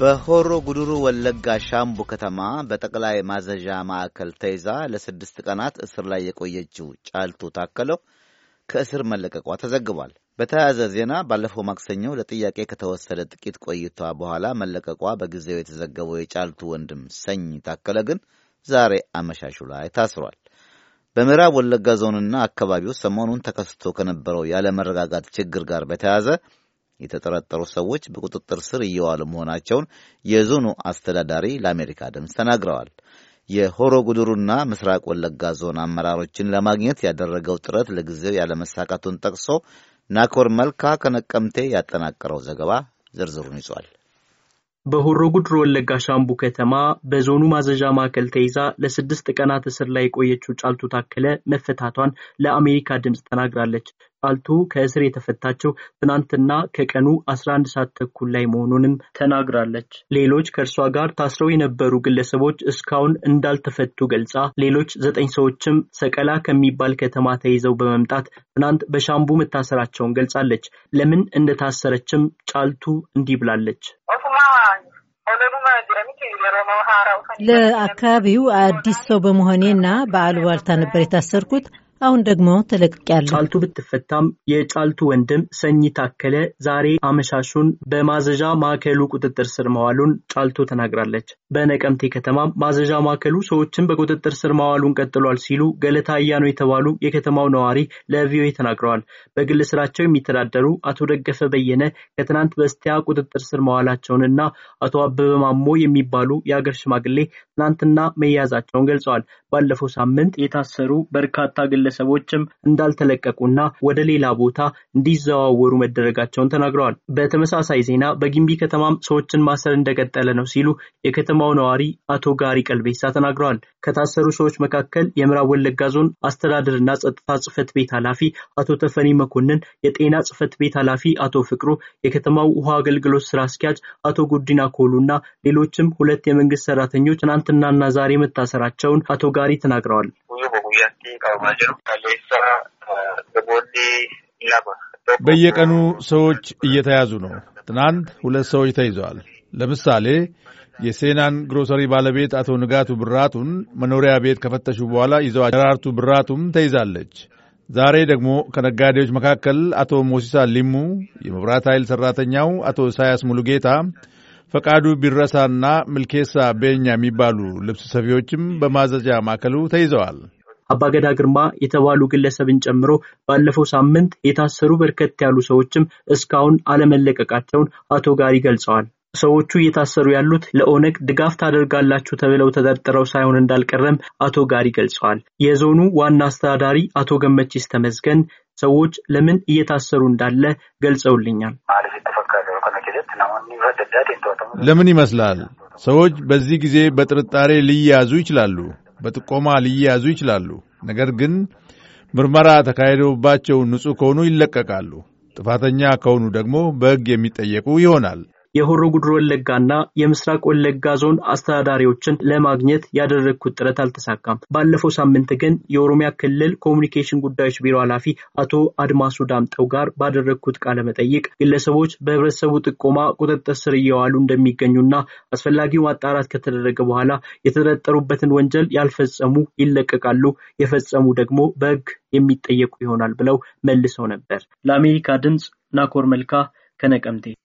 በሆሮ ጉድሩ ወለጋ ሻምቡ ከተማ በጠቅላይ ማዘዣ ማዕከል ተይዛ ለስድስት ቀናት እስር ላይ የቆየችው ጫልቱ ታከለው ከእስር መለቀቋ ተዘግቧል። በተያያዘ ዜና ባለፈው ማክሰኞ ለጥያቄ ከተወሰደ ጥቂት ቆይቷ በኋላ መለቀቋ በጊዜው የተዘገበው የጫልቱ ወንድም ሰኝ ታከለ ግን ዛሬ አመሻሹ ላይ ታስሯል። በምዕራብ ወለጋ ዞንና አካባቢው ሰሞኑን ተከስቶ ከነበረው ያለመረጋጋት ችግር ጋር በተያያዘ የተጠረጠሩ ሰዎች በቁጥጥር ስር እየዋሉ መሆናቸውን የዞኑ አስተዳዳሪ ለአሜሪካ ድምፅ ተናግረዋል። የሆሮ ጉድሩና ምስራቅ ወለጋ ዞን አመራሮችን ለማግኘት ያደረገው ጥረት ለጊዜው ያለመሳካቱን ጠቅሶ ናኮር መልካ ከነቀምቴ ያጠናቀረው ዘገባ ዝርዝሩን ይዟል። በሆሮ ጉድሩ ወለጋ ሻምቡ ከተማ በዞኑ ማዘዣ ማዕከል ተይዛ ለስድስት ቀናት እስር ላይ የቆየችው ጫልቱ ታከለ መፈታቷን ለአሜሪካ ድምፅ ተናግራለች። ጫልቱ ከእስር የተፈታችው ትናንትና ከቀኑ 11 ሰዓት ተኩል ላይ መሆኑንም ተናግራለች። ሌሎች ከእርሷ ጋር ታስረው የነበሩ ግለሰቦች እስካሁን እንዳልተፈቱ ገልጻ ሌሎች ዘጠኝ ሰዎችም ሰቀላ ከሚባል ከተማ ተይዘው በመምጣት ትናንት በሻምቡ መታሰራቸውን ገልጻለች። ለምን እንደታሰረችም ጫልቱ እንዲህ ብላለች። ለአካባቢው አዲስ ሰው በመሆኔና በአሉባልታ ነበር የታሰርኩት። አሁን ደግሞ ተለቅቅ ያለ ጫልቱ ብትፈታም የጫልቱ ወንድም ሰኝ ታከለ ዛሬ አመሻሹን በማዘዣ ማዕከሉ ቁጥጥር ስር መዋሉን ጫልቱ ተናግራለች። በነቀምቴ ከተማም ማዘዣ ማዕከሉ ሰዎችን በቁጥጥር ስር መዋሉን ቀጥሏል ሲሉ ገለታ አያኖ የተባሉ የከተማው ነዋሪ ለቪኦኤ ተናግረዋል። በግል ስራቸው የሚተዳደሩ አቶ ደገፈ በየነ ከትናንት በስቲያ ቁጥጥር ስር መዋላቸውን እና አቶ አበበ ማሞ የሚባሉ የአገር ሽማግሌ ትናንትና መያዛቸውን ገልጸዋል። ባለፈው ሳምንት የታሰሩ በርካታ ግለ ግለሰቦችም እንዳልተለቀቁና ወደ ሌላ ቦታ እንዲዘዋወሩ መደረጋቸውን ተናግረዋል። በተመሳሳይ ዜና በጊምቢ ከተማም ሰዎችን ማሰር እንደቀጠለ ነው ሲሉ የከተማው ነዋሪ አቶ ጋሪ ቀልቤሳ ተናግረዋል። ከታሰሩ ሰዎች መካከል የምዕራብ ወለጋ ዞን አስተዳደርና ጸጥታ ጽህፈት ቤት ኃላፊ አቶ ተፈኒ መኮንን፣ የጤና ጽህፈት ቤት ኃላፊ አቶ ፍቅሩ፣ የከተማው ውሃ አገልግሎት ስራ አስኪያጅ አቶ ጉዲና ኮሉ እና ሌሎችም ሁለት የመንግስት ሰራተኞች ትናንትናና ዛሬ መታሰራቸውን አቶ ጋሪ ተናግረዋል። guyyaatti qabamaa jiru kaleessa namoonni lama በየቀኑ ሰዎች እየተያዙ ነው። ትናንት ሁለት ሰዎች ተይዘዋል። ለምሳሌ የሴናን ግሮሰሪ ባለቤት አቶ ንጋቱ ብራቱን መኖሪያ ቤት ከፈተሹ በኋላ ይዘዋ ደራርቱ ብራቱም ተይዛለች። ዛሬ ደግሞ ከነጋዴዎች መካከል አቶ ሞሲሳ ሊሙ፣ የመብራት ኃይል ሠራተኛው አቶ ኢሳያስ ሙሉጌታ፣ ፈቃዱ ቢረሳና ምልኬሳ ቤኛ የሚባሉ ልብስ ሰፊዎችም በማዘጃ ማዕከሉ ተይዘዋል። አባገዳ ግርማ የተባሉ ግለሰብን ጨምሮ ባለፈው ሳምንት የታሰሩ በርከት ያሉ ሰዎችም እስካሁን አለመለቀቃቸውን አቶ ጋሪ ገልጸዋል። ሰዎቹ እየታሰሩ ያሉት ለኦነግ ድጋፍ ታደርጋላችሁ ተብለው ተጠርጥረው ሳይሆን እንዳልቀረም አቶ ጋሪ ገልጸዋል። የዞኑ ዋና አስተዳዳሪ አቶ ገመቺስ ተመዝገን ሰዎች ለምን እየታሰሩ እንዳለ ገልጸውልኛል። ለምን ይመስላል ሰዎች በዚህ ጊዜ በጥርጣሬ ሊያዙ ይችላሉ። በጥቆማ ሊያያዙ ይችላሉ። ነገር ግን ምርመራ ተካሂዶባቸው ንጹሕ ከሆኑ ይለቀቃሉ። ጥፋተኛ ከሆኑ ደግሞ በሕግ የሚጠየቁ ይሆናል። የሆሮ ጉድሮ ወለጋና የምስራቅ ወለጋ ዞን አስተዳዳሪዎችን ለማግኘት ያደረግኩት ጥረት አልተሳካም። ባለፈው ሳምንት ግን የኦሮሚያ ክልል ኮሚኒኬሽን ጉዳዮች ቢሮ ኃላፊ አቶ አድማሱ ዳምጠው ጋር ባደረግኩት ቃለ መጠይቅ ግለሰቦች በህብረተሰቡ ጥቆማ ቁጥጥር ስር እየዋሉ እንደሚገኙና አስፈላጊው ማጣራት ከተደረገ በኋላ የተጠረጠሩበትን ወንጀል ያልፈጸሙ ይለቀቃሉ፣ የፈጸሙ ደግሞ በህግ የሚጠየቁ ይሆናል ብለው መልሰው ነበር። ለአሜሪካ ድምፅ ናኮር መልካ ከነቀምቴ